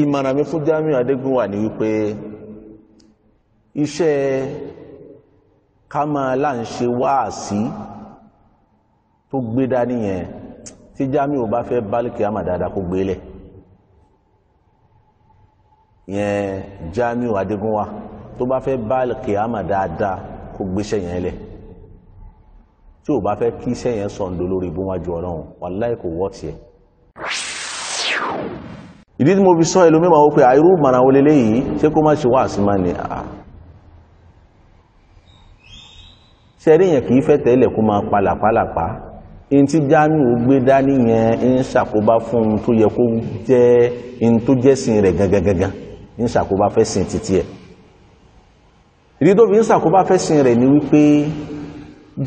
ìmọ̀ràn mi fún Jamiu Adégúnwà ni wípé iṣẹ́ ká máa là ń ṣe wáàsí tó gbé dání yẹn tí Jamiu bá fẹ́ bálíkì àmà dáadáa kó gbélẹ̀ yẹn Jamiu Adégúnwà tó bá fẹ́ bálíkì àmà dáadáa kó gbéṣẹ́ yẹn lẹ̀ tí o bá fẹ́ kí iṣẹ́ yẹn sọ̀ǹdó lórí ibùwájú ọlọ́run wàláì kò wọ́ tiẹ̀ ìdí tí mo fi sọ ẹlòmí ma wó pé àìrú mara wọlé léyìí ṣé kó má ṣe wá sí máa ní àà ṣe rí yẹn kìí fẹ́ tẹ́lẹ̀ kó máa palàpalàpá in tí Jamiu gbé dání yẹn ń ṣàkóbá fún un tó yẹ kó jẹ́ in tó jẹ́ rẹ̀ gangan ń ṣàkóbá fẹ́ sin títí ẹ̀ ìdí tó fi ń ṣàkóbá fẹ́ sin rẹ̀ ni wípé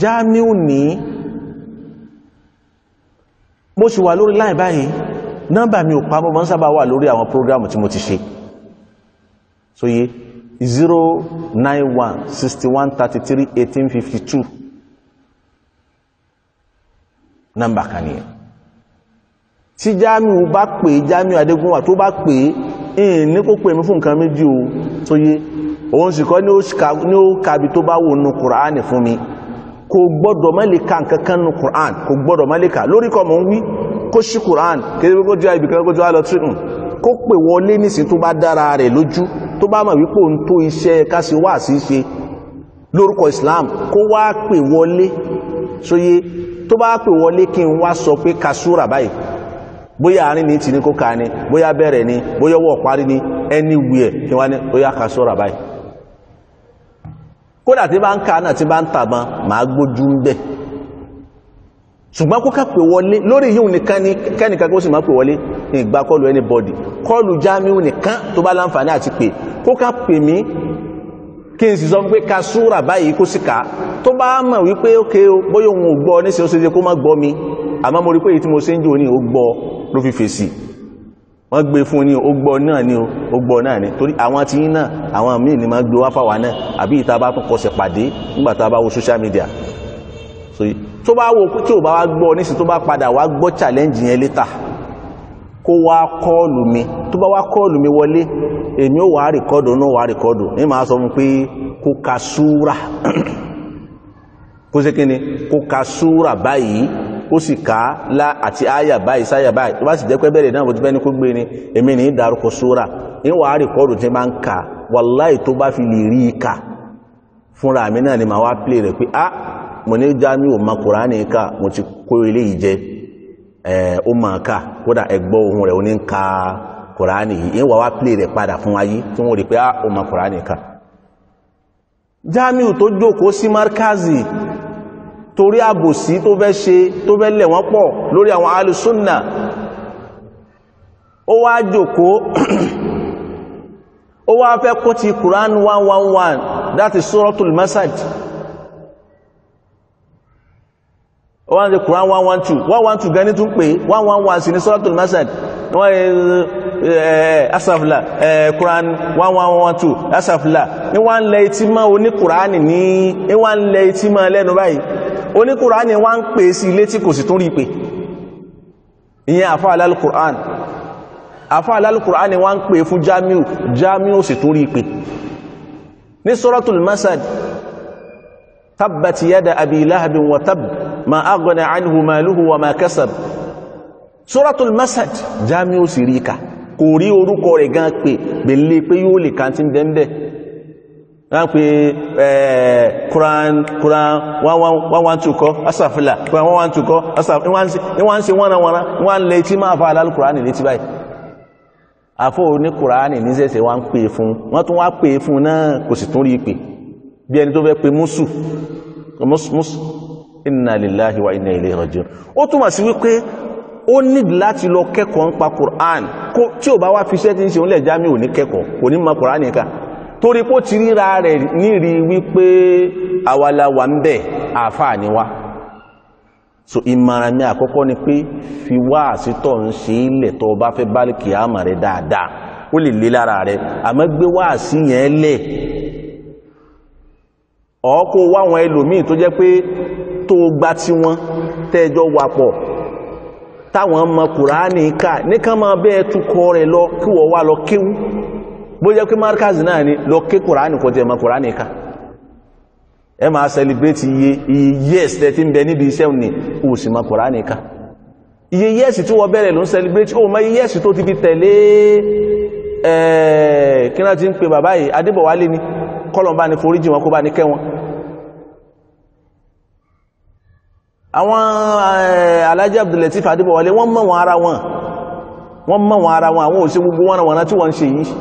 Jamiu ní mo ṣì wà lórí láì báyìí nọ́mbà mi ò pamọ́ mọ́ sábà wà lórí àwọn prógrámù tí mo ti ṣe so yé 091 61 33 18 52 nọ́mbà kan nìyẹn tí Jamiu bá pè Jamiu Adégúnwà tó bá pè ìyìn ní kó pè mí fún nǹkan méjì o tó yé òun sì kọ́ ní ó kàbí tó bá wò nù Kùránì fún mi kò gbọ́dọ̀ mẹ́lẹ̀ka nǹkan kan nù Kùránì kò gbọ́dọ̀ mẹ́lẹ̀ka lórí kọ́ mọ̀ ń wí kó ṣí Quran kéde pé kó jọ ibì kan kó jọ lọ tírìmù kó pè wọlé nísìn tó bá dára rẹ̀ lójú tó bá mọ̀ wípé òun tó iṣẹ́ kásì wà sí ṣe lórúkọ Islam kó wá pè wọlé sóyé tó bá pè wọlé kí n wá sọ pé kasúrà báyìí bóyá àárín ní tì ní kó ka ni bóyá bẹ̀rẹ̀ ni bóyá wọ̀ parí ni anywhere kí wá ní bóyá kasúrà báyìí kódà tí bá ń ka náà tí bá ń tàbọn màá gbójú ń bẹ́ẹ̀ ṣùgbọ́n kó kàpè wọlé lórí yíò nìkan ní kẹ́nìkan kó sì máa pè wọlé ìgbà kọlu anybody kọlu jamiu nìkan tó bá láǹfààní àti pè kó kàpè mí kí n sì sọ pé ka súra báyìí kó sì ká tó bá mọ̀ wípé ókè bóyá òun ò gbọ́ níṣẹ́ ó ṣe ṣe kó má gbọ́ mi àmọ́ mo rí pé èyí tí mo ṣe ń jò ní ó gbọ́ ni máa gbé wá fáwa náà àbí ìta bá tún kọsẹ̀ pàdé media so tó bá wo tí ò bá wá gbọ́ nísìn tó bá padà wá gbọ́ challenge yẹn létà kó wá kọ́ọ̀lù mi tó bá wá kọ́ọ̀lù mi wọlé èmi ó wà rìkọ́dù ní wà rìkọ́dù ní máa sọ fún pé kó ka súra kó sí kó ka súra báyìí sì ká lá àti àyà báyìí sáyà báyìí tó bá sì jẹ́ pé bẹ́ẹ̀ náà ti kó gbé ni èmi ní wà rìkọ́dù tí máa ń ka wàláì tó bá fi lè rí fúnra mo ni jamiu ma kùránì ká mo ti kó ilé ìjẹ ó ká kódà ẹgbọ́ ohun rẹ̀ ó ní kùránì yìí ìwà wá plé rẹ̀ padà fún tí wọ́n rí pé ah, ma kùránì ká jamiu tó jókòó sí markazi torí àbòsí tó fẹ́ ṣe tó fẹ́ lẹ̀ wọ́n pọ̀ lórí àwọn alùsùnà 111 wọ́n ṣe Quran 112 112 gani tún pé 111 sí ní suratul masad wọ́n yẹ asafla Quran 1112 asafla ní wọ́n lẹ etí máa oní Quran ní wọ́n lẹ etí máa lẹ́nu báyìí oní wọ́n ń pè sí ilé tí kò sì tún rí pé ìyẹn àfá wọ́n ń pè fún jamiu jamiu sì tún rí pé ní suratul masad tabbat yada abi lahabin wa tab ma aghna anhu maluhu wa ma kasab suratul masad jamiu sirika kò rí orúkọ rẹ̀ gan pé bèlè pé yóò lè kàn tí ń bẹ́ẹ̀ wọ́n pe Quran Quran 112 kọ́ asàfilà Quran 112 kọ́ asàfilà wọ́n se wọ́n wọ́n wọ́n lè tí máa fa alálù Quran ní ti báyìí àfọ́ oní Quran ní sẹ́sẹ̀ wọ́n pè fún wọ́n tún wá pè fún náà kò sì tún rí pè bí ẹni tó fẹ́ pe musu. mùsù inna wa inna ilayhi rajiun ó túmọ̀ sí wípé ó lọ kẹ́kọ̀ọ́ ń pa Qur'an kó tí ò bá wá fi iṣẹ́ tí ń ṣe òǹlẹ̀ jámí ò ní kẹ́kọ̀ọ́ kò ní mọ Qur'an nìkan torí pé ti ríra rẹ̀ níri so mi àkọ́kọ́ ni pé fi wá àsìtọ̀ ń ṣe ilẹ̀ tó bá fẹ́ bá kìámà dáadáa ó lè lé lára àmọ́ ọ̀ọ́kún wá ẹlòmíì tó jẹ́ pé tó gba tí wọ́n tẹ́jọ́ wapọ̀ táwọn mọ kùránì ká níkan máa bẹ́ẹ̀ túkọ rẹ̀ lọ kí wọ́n wá lọ kéwú bó jẹ́ náà ni lọ ké kùránì kò mọ kùránì ká ẹ máa celebrate iye yes years ń bẹ níbi kọ́lọ̀ bá ní foríjì wọn kó bá ní kẹ́ wọn àwọn eh, alájí Abdulatif Adébọ̀wálé wọ́n wọn ara wọn wọ́n mọ̀ wọn ara wọn àwọn òṣè gbogbo wọn wọn tí wọ́n ń yi. yìí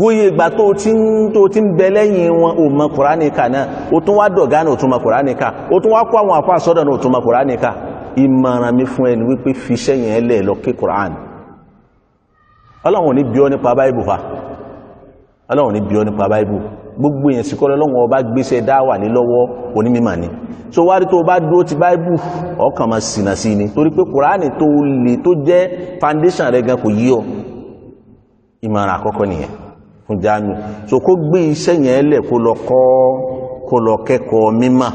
wóye ìgbà tó ti ń bẹ lẹ́yìn wọn ò mọ kùránìkà náà ó tún wá dọ̀gá mọ kùránìkà ó tún wá kó àwọn àpá àsọ́dọ̀ náà ò mọ kùránìkà ìmọ̀ràn mi fún ẹni wípé fiṣẹ́ yẹn lẹ̀ lọ kí kùránì ọlọ́run ò ní bí ọ ọlọ́run ní bí ọ nípa báíbù gbogbo èèyàn síkọ́ lọ́wọ́ ọba gbéṣẹ́ dáwà ní lọ́wọ́ onímímà ni so wárí tó bá dúró ti báíbù ọkàn máa ṣìnà sí ni torí pé kùránì tó lè tó jẹ́ foundation rẹ̀ gan kò yí ọ ìmọ̀ràn àkọ́kọ́ nìyẹn fún jánu so kó gbé iṣẹ́ yẹn lẹ̀ kó lọ kọ́ kó lọ kẹ́kọ̀ọ́ mímà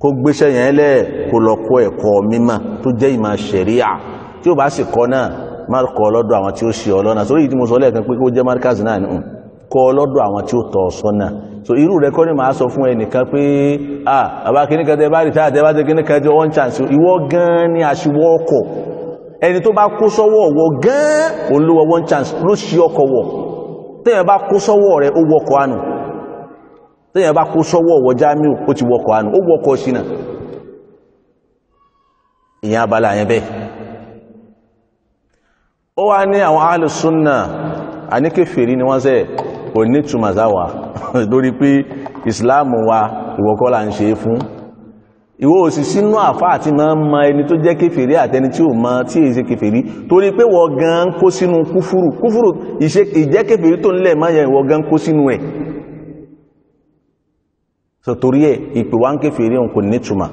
kó gbéṣẹ́ yẹn lẹ̀ kó lọ kọ́ ẹ̀kọ́ mímà tó jẹ́ ìmọ̀ ṣẹ̀ríà tí ó bá sì kọ́ náà má kọ́ lọ́dọ̀ àwọn tí ó ṣe ọlọ́nà sórí ìdí mo sọ lẹ́ẹ̀kan pé kó jẹ́ markaz náà ni mm. kọ́ lọ́dọ̀ tí ó sọ́nà so irú rẹ̀ kọ́ sọ fún ẹnìkan pé à bàbá kìíní kan tẹ bá rí tá àtẹ bá ń ìwọ gan ni ẹni tó bá kó gan ti àánú ó ìyẹn abala yẹn ó wá ní àwọn alùsùnà àníkèfèrí ni wọ́n sẹ́ ò ní túnmàzáwà lórí pé ìsìláàmù wa ìwọ̀kọ́lá ń ṣe fún ìwọ òsì sínú àfá àti máa ń ma ẹni tó jẹ́ kèfèrí àtẹni tí ò ma tí èyí ṣe kèfèrí torí pé wọ́n gan kó sínú kúfúrù kúfúrù ìjẹ́ kèfèrí tó nílẹ̀ máa yẹ ìwọ gan kó sínú ẹ̀ so torí ẹ̀ ìpè wá ń kèfèrí òun kò nítumà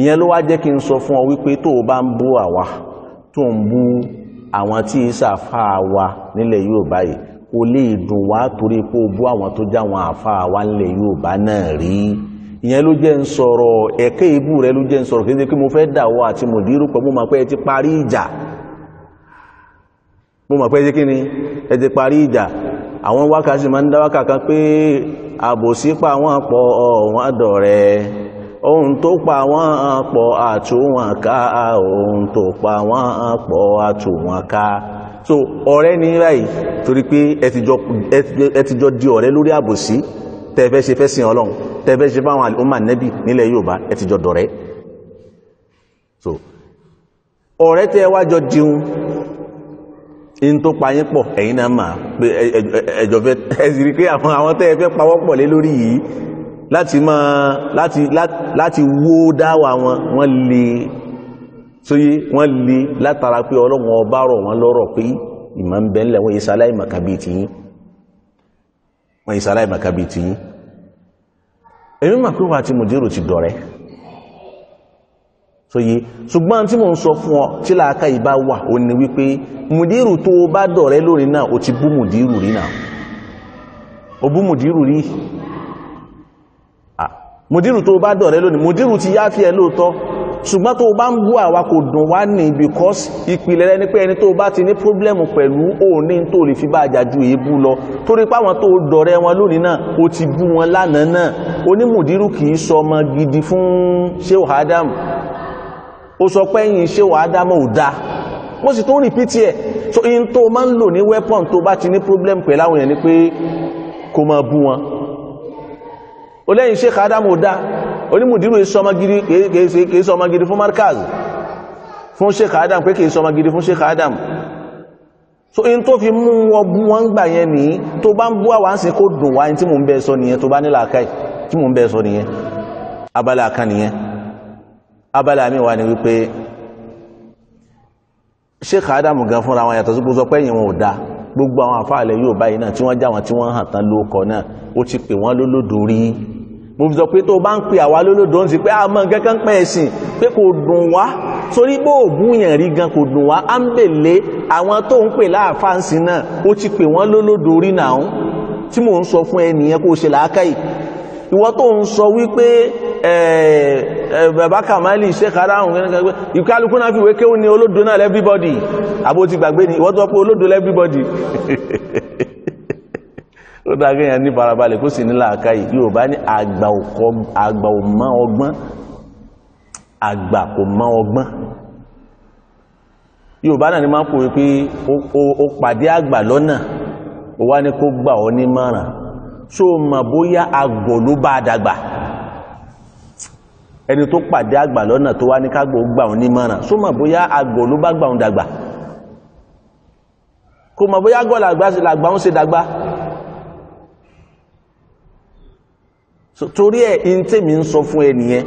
ìyẹn ló wá jẹ́ kí n sọ fún ọ wípé tó o bá ń bú àwa tó ń bú àwọn tí ìsà fa wa nílẹ̀ Yorùbá yìí kò lè dùn wá torí pé ó bú àwọn tó já wọn àfa wa nílẹ̀ Yorùbá náà rí ìyẹn ló jẹ́ ń sọ̀rọ̀ ẹ̀kẹ́ ibú rẹ ló jẹ́ ń sọ̀rọ̀ kéde pé mo fẹ́ dàwọ́ àti mòdìrú pẹ̀ mo mọ̀ pé ẹ ti parí ìjà mo mọ̀ pé ẹ ti kí ni ẹ ti parí ìjà àwọn wákàtí máa ń dá wákà kan pé àbòsí pa àwọn àpọ̀ ọ̀wọ́n àdọ̀ rẹ̀ ohun tó pa wọ́n pọ̀ àtú wọn ká ohun tó pa wọ́n pọ̀ àtú so ọ̀rẹ́ ní ráì torí pé ẹ ti jọ di ọ̀rẹ́ lórí àbòsí tẹ́ẹ̀fẹ́ ṣe fẹ́ sin ọlọ́run tẹ́ẹ̀fẹ́ ṣe fáwọn àlùmà nẹ́bì nílẹ̀ Yorùbá ẹ dọ̀rẹ́ so ọ̀rẹ́ tẹ́ wá jọ diun in tó payín pọ̀ ẹ̀yin náà mà pé ẹjọ́ fẹ́ ẹ̀sìrí pé àwọn tẹ́ẹ̀fẹ́ pawọ́pọ̀ lé lórí yìí láti ma, láti láti wó dáwà wọn wọ́n lè sóyé wọ́n lè látara pé ọlọ́run ọba rọ̀ wọ́n lọ́rọ̀ pé ìmọ̀ ń bẹ ńlẹ̀ wọ́n yìí sáláì màkàbí ti yín wọ́n yìí sáláì màkàbí ti yín èmi mà pé wà tí mo dérò ti dọ̀rẹ́ sóyé ṣùgbọ́n tí mo ń sọ fún ọ tí làákà yìí bá wà ó ní wípé mùdírù tó bá dọ̀rẹ́ lónìí náà ó ti bú mùdírù rí náà ó bú mùdírù rí náà mùdírù tó bá dọ̀rẹ́ lónìí mùdírù ti yá fi ẹ lóòótọ́ ṣùgbọ́n tó bá ń bú àwa kò dùn wá ní because ìpìlẹ̀ rẹ ni pé ẹni tó bá ti ní problem pẹ̀lú òní tó lè fi bá àjàjú èébú lọ torí páwọn tó dọ̀rẹ́ wọn lónìí náà ó ti bú wọn lánàá náà onímùdírù kì í sọ ọmọ gidi fún sheu adam ó sọ pé ẹ̀yìn sheu adam ò dáa mo sì tó ń rìpítì ẹ̀ so in tó máa ń lò ní weapon tó bá ti ní problem pẹ̀láwọn yẹn ni pé kò máa bú wọn olẹ́yìn Sheikh Adamu dá onímùdírù kìí sọmọ gidi fún markaz fún Sheikh Adam pé kìí sọmọ gidi fún Sheikh Adam so in tó fi mú wọn gbà yẹn ní tó bá ń bú àwọn sí kó dùn wáyé tí mò ń bẹ́ sọ nìyẹn tó bá nílà àkáì tí mò ń bẹ́ sọ nìyẹn abala àkán nìyẹn abala mi wà ní wípé Sheikh Adam gan fúnra wọn yàtọ̀ sípò sọ pé wọn ò dáa gbogbo àwọn àfáàlẹ̀ yóò báyìí náà tí wọ́n já wọn tí wọ́n hàn tán lóókọ náà ó ti pè wọ́n lólódorí mo fi sọ pé tó bá ń pè àwa lólódó ń sì pé àmọ́ gẹ́gẹ́ pẹ́ ẹ̀sìn pé kò dùn wá torí bó ògúnyàn rí gan kò dùn wá á ń bèlé àwọn tó ń pè láàfáàsì náà ó ti pè wọ́n lólódó rí náà tí mò ń sọ fún ẹnìyẹn kó ṣe làákàyè ìwọ tó ń sọ wípé bàbá kamali sheikh adahun gẹ́gẹ́gẹ́ everybody àbó ti gbàgbé ni ìwọ everybody ó dáa kí èèyàn ní farabalẹ̀ kó sì ní làákàyè yorùbá ní àgbà ò mọ ọgbọ́n àgbà kò mọ ọgbọ́n yorùbá náà ni máa ń pòwe pé ó pàdé àgbà lọ́nà ó wá ní kó gbà ọ́ nímọ̀ràn ṣó o mọ̀ bóyá àgbò ló bá a dàgbà ẹni tó pàdé àgbà lọ́nà tó wá ní kágbò gbà ọ́ nímọ̀ràn ṣó o mọ̀ bóyá àgbò ló bá gbà ọ́ dàgbà kò mọ̀ bóyá gọ́ọ̀lù làgbà ń ṣe dàgbà. torí ẹ̀ in tèmi ń sọ fún ẹnìyẹn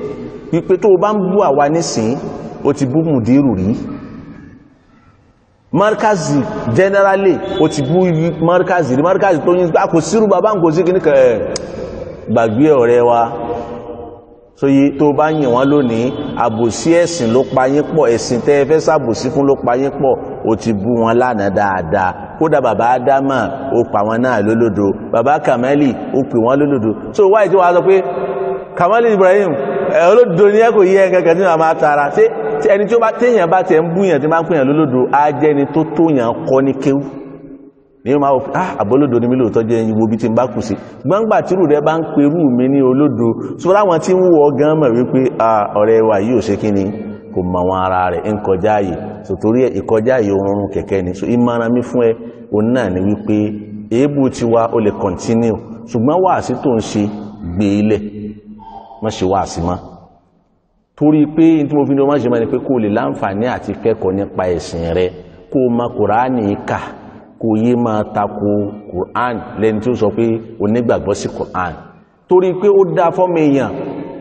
wípé tó o bá ń bú àwa nísìn o ti bú mùdírù rí markazi generally o ti bú markazi rí markazi tó ní a kò sírù bàbá ń kò sí kí ní kẹ gbàgbé ọ̀rẹ́ wa sóyí tó bá yìn wọ́n lónìí àbòsí ẹ̀sìn ló pa pọ̀ ẹ̀sìn tẹ́ fẹ́ ṣàbòsí fún ló pa pọ̀ o ti bú wọn lánàá dáadáa kódà bàbá ádámà ó pa wọn náà lólódo bàbá kàmẹ́lì ó pè wọ́n lólódo so wáyé tí wọ́n sọ pé kàmẹ́lì ibrahim olódodo ní ẹ̀kọ́ yẹ kẹ̀kẹ́ tí wọ́n máa tara ṣé ẹni tí ó bá téèyàn bá tẹ̀ ń búyàn tí máa ń pèyàn lólódo á jẹ́ ni tó tóyàn kọ́ ní kéwú ní ma wọ́n ní mílò tọ́jú ẹyin wo bí ti ń bá kù sí gbangba tírù rẹ bá ń perú mi ní olódo sọ́ra wọn tí ń wọ gan mọ̀ wípé ah, ọ̀rẹ́ wa yìí ò ṣe kí ni kò mọ̀ wọn ara rẹ̀ ń kọjá yìí so torí ẹ̀ ìkọjá yìí oorun kẹ̀kẹ́ ni so ìmọ̀ràn mi fún ẹ òun náà ni wípé èébù tiwa ó lè continue ṣùgbọ́n wàásí tó ń ṣe gbé ilẹ̀ e má ṣe wàásí mọ́ torí pé tí mo fi ní o má ṣe mọ́ ni pé kó o lè láǹfààní àti kẹ́kọ̀ọ́ nípa ẹ̀sìn rẹ kó o mọ̀ kùránì kà kó o yé máa tako kùránì lẹ́ni tí ó sọ pé onígbàgbọ́ sí kùránì torí pé ó dá fọ́mọ èèyàn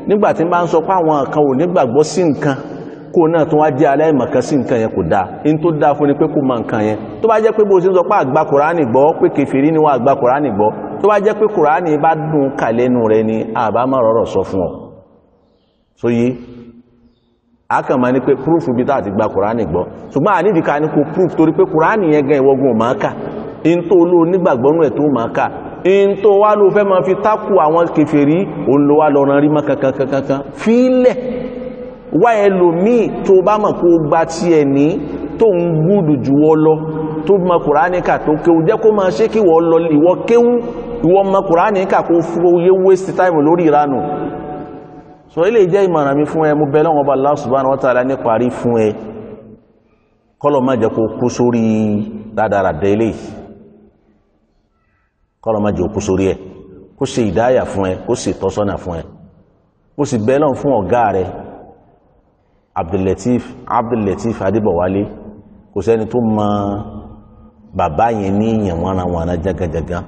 nígbà tí n bá ń sọ pé àwọn kan ò nígbàgbọ́ sí nǹkan kó náà tún wá jẹ́ aláìmọ̀kan sí nǹkan yẹn kò dáa in tó dáa fún ni pé kó mọ nǹkan yẹn tó bá jẹ́ pé bó ṣe ń sọ pé àgbà kùránì gbọ́ pé kèfèrí ni wọ́n àgbà kùránì gbọ́ tó bá jẹ́ pé kùránì bá dùn kàlẹ́nu rẹ ni àbá má rọ̀rọ̀ sọ fún ọ so yé a kàn máa ní pé proof bí tá àti gba kùránì gbọ́ ṣùgbọ́n àníjì ká ní kó proof torí pé kùránì yẹn gan ìwọ́gun máa kà in tó ló nígbàgbọ́ in tó wá ló fẹ́ máa fi tákù àwọn kèfèrí òun ló wá lọ ran rí mọ́ kankan kankan fílẹ̀ wá ẹlòmíì tó bá mọ̀ kó gba ti ẹ̀ ní tó ń gúdù jù wọ́ lọ tó mọ kùránìkà tó kéwú jẹ́ kó máa ṣe kí wọ́n lọ ìwọ kéwú ìwọ mọ kùránìkà kó fúróyé waste time lórí ìranù so ilé jẹ́ ìmọ̀ràn mi fún ẹ mú bẹ́ẹ̀ lọ́wọ́ bá Allah subhanahu wa ní parí fún ẹ kọ́lọ̀ má jẹ́ kó kú sórí dáadáa ilé kọ́lọ̀ má jẹ́ kó sórí ẹ kó ṣe ìdáyà fún ẹ kó ṣe ìtọ́sọ́nà fún ẹ kó sì bẹ́ẹ̀ lọ́wọ́ fún ọ̀gá rẹ abdulatif abdulatif adébọ̀wálé kò sẹ́ni tó mọ bàbá yẹn ní ìyànwọ́nà wọn jágajàga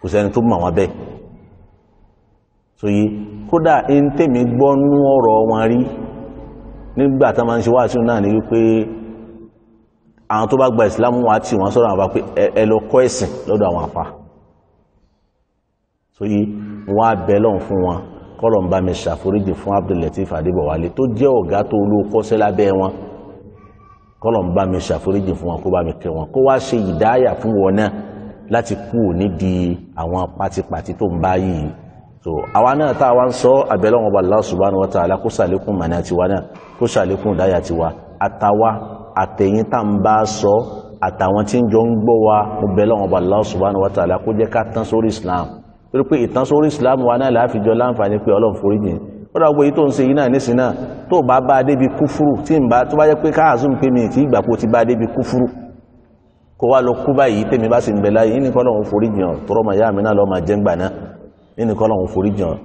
kò sẹ́ni tó mọ wọn bẹ́ẹ̀ soyi kódà ń tèmi gbọ́ nú ọ̀rọ̀ wọn rí nígbà tá a máa ń ṣe wáṣíù náà ni wípé àwọn tó bá gba ìsìlámù wa tì wọ́n sọ̀rọ̀ àwọn àpá pé ẹ lọ kọ́ ẹ̀sìn lọ́dọ̀ àwọn àpá soyi wọ́n á bẹ fún wọn kọ́lọ̀ ń bá mi ṣàforíjì fún Abdul Latif Adébọ̀wálé tó jẹ́ ọ̀gá tó ló kọ́sẹ́ lábẹ́ wọn kọ́lọ̀ ń bá mi ṣàforíjì fún wọn kó bá mi kẹ́ wọn kó wá ṣe ìdáyà fún wọn náà láti kú òní di àwọn pátípátí tó ń bá yìí so àwa náà tá a wá ń sọ abẹ́lẹ́ wọn bá Allah subhanahu wa ta'ala kó ṣàlékún mọ̀nà tiwa náà kó ṣàlékún ìdáyà tiwa àtàwa àtẹ̀yìn tá ń bá sọ àtàwọn tí ń jọ ń gbọ́ wa mo bẹ́lẹ́ wọn bá Allah subhanahu wa ta'ala kó jẹ́ ká tán sórí Islam torí pé ìtánsórí islam wa náà láàfijọ láǹfààní pé ọlọ́run foríjì ó dàgbò èyí tó ń ṣe yìí náà nísìn náà tó bá bá débi kúfúrú tí ń bá tó bá jẹ́ pé káàzùn pé mi ti ìgbà kó ti bá débi kúfúrú kó wá lọ kú báyìí tèmi bá sì ń bẹ láyé yìí nìkan lọ́run foríjì hàn tọrọ mà yá mi náà lọ́ọ́ máa jẹ́ ńgbà náà yìí nìkan lọ́run foríjì hàn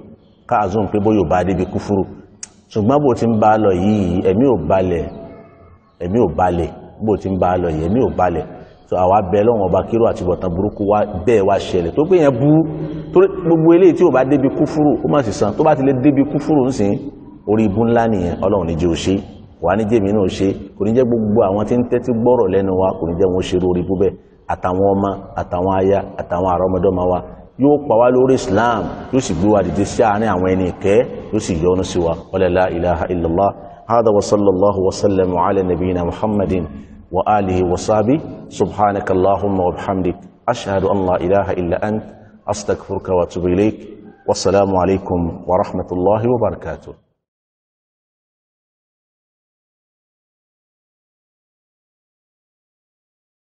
káàzùn pé bóyá bá débi kúfúrú torí gbogbo eléyìí tí o bá débi kúfúrú ó má sì san tó bá ti lè débi kúfúrú ń sìn orí ibú ńlá nìyẹn ọlọ́run ní jẹ́ ò ṣe wàá ní jẹ́mi náà ṣe kò ní jẹ́ gbogbo àwọn tí ń tẹ́tí gbọ́rọ̀ lẹ́nu wa kò ní jẹ́ wọn ṣe lórí ibú bẹ́ẹ̀ àtàwọn ọmọ àtàwọn aya àtàwọn àrọ́mọdọ́mọ wa yóò pa wá lórí islam yóò sì gbé wa dìde sí àárín àwọn ẹni ìkẹ́ yóò sì yọ́nú sí wa ọlẹ́lá ilaha illallah hada an la ilaha illa anta أستغفرك وأتوب إليك والسلام عليكم ورحمة الله وبركاته